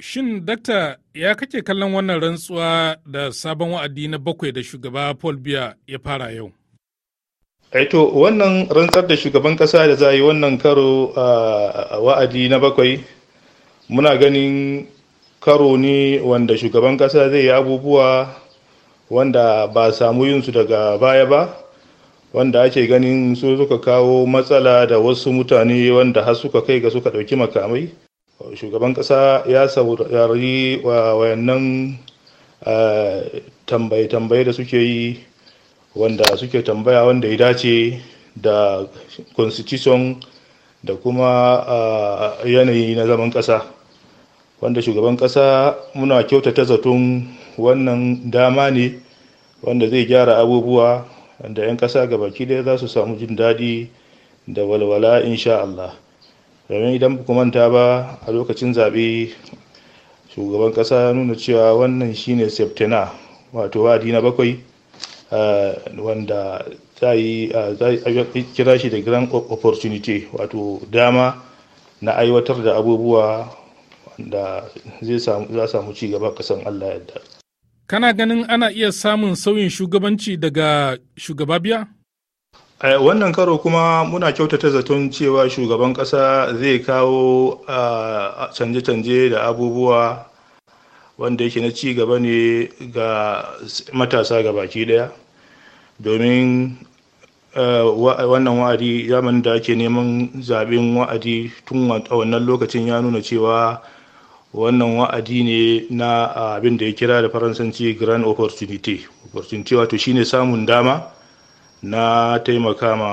Shin dakta ya kake kallon wannan rantsuwa da sabon wa'adi na bakwai da shugaba Paul Biya ya fara yau? Aito eh wannan rantsar da shugaban kasa da za yi wannan karo a wa'adi na bakwai muna ganin karo ne wanda shugaban kasa zai yi abubuwa wanda ba samu yinsu daga baya ba wanda ake ganin su suka kawo matsala da wasu mutane wanda har suka kai ga suka ɗauki makamai. shugaban kasa ya saurari wayannan eh, tambaye-tambaye da suke yi wanda suke tambaya wanda ya dace da constitution da kuma eh, yanayi na zaman kasa wanda shugaban kasa muna kyautata zaton wannan dama ne wanda zai gyara abubuwa da 'yan kasa gabaki ɗaya za su samu jin daɗi da walwala insha Allah. domin idan ku manta ba a lokacin zaɓe shugaban ƙasa nuna cewa wannan shine septina wato wadi na bakwai wanda za yi kira shi da grand opportunity wato dama na aiwatar da abubuwa wanda zai samu ci gaba kasan allah yadda kana ganin ana iya samun sauyin shugabanci daga shugaba biya Eh, wannan karo kuma muna kyautata zaton cewa shugaban kasa zai kawo ah, canje-canje da abubuwa wanda yake na ci gaba ne ga matasa ga baki daya domin eh, wannan wa'adi zamanin da ake neman zaɓen wa'adi tun wannan lokacin ya nuna cewa wannan wa'adi ne na ah, abin da ya kira da faransanci grand opportunity opportunity wato shine samun dama na taimaka ma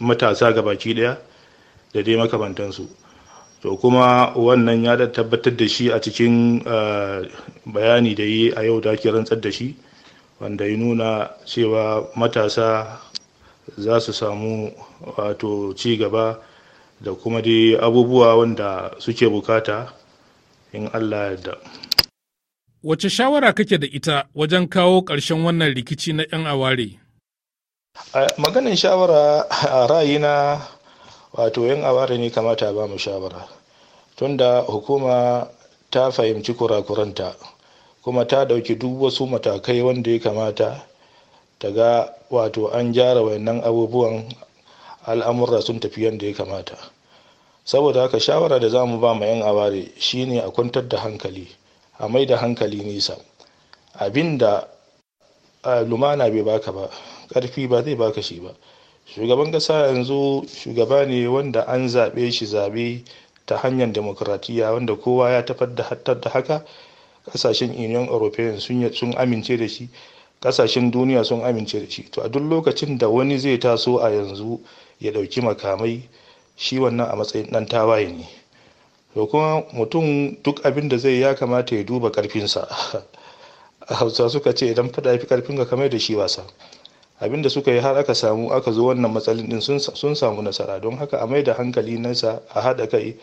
matasa ga baki daya da dai makamantansu to kuma wannan ya da tabbatar da shi a cikin eh, bayani da yi a yau da ke rantsar da shi wanda ya nuna cewa matasa za su samu wato ci gaba da kuma dai abubuwa wanda suke bukata in allah yadda Wace shawara kake da ita wajen kawo ƙarshen wannan rikici na 'yan aware? Maganin shawara a ra'ayina wato 'yan aware ne kamata ba mu shawara. Tunda hukuma ta fahimci kurakuranta kuma ta ɗauki duk wasu matakai wanda ya kamata ta ga wato an gyara wayannan abubuwan al'amurra sun tafi yadda ya kamata. Saboda haka shawara da za mu ba ma 'yan aware shine a kwantar da hankali. a mai da hankali nesa abinda lumana bai baka ba karfi ba zai baka shi ba shugaban ƙasa yanzu shugaba ne wanda an zaɓe shi zaɓe ta hanyar demokratiya wanda kowa ya tafar da haka ƙasashen union european sun amince da shi ƙasashen duniya sun amince da shi to a duk lokacin da wani zai taso a yanzu ya ɗauki makamai shi wannan a matsayin ɗan tawaye ne to kuma mutum duk abin da zai ya kamata ya duba karfinsa a hausa suka ce idan fada fi karfin ka kamar da shi wasa abin da suka yi har aka samu aka zo wannan matsalin din sun samu nasara don haka a mai da hankali nasa a haɗa kai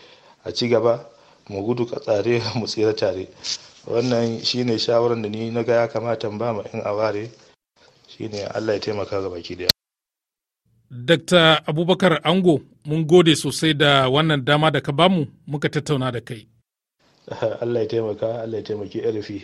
a ci gaba mu gudu ka tsare mu tsira tare wannan shine shawarar da ni na ga ya kamata ba ma in aware shine Allah ya taimaka ga baki daya Dr. Abubakar Ango, mun gode sosai da wannan dama da ka bamu muka tattauna da kai. Allah ya taimaka, Allah ya taimaki rufi.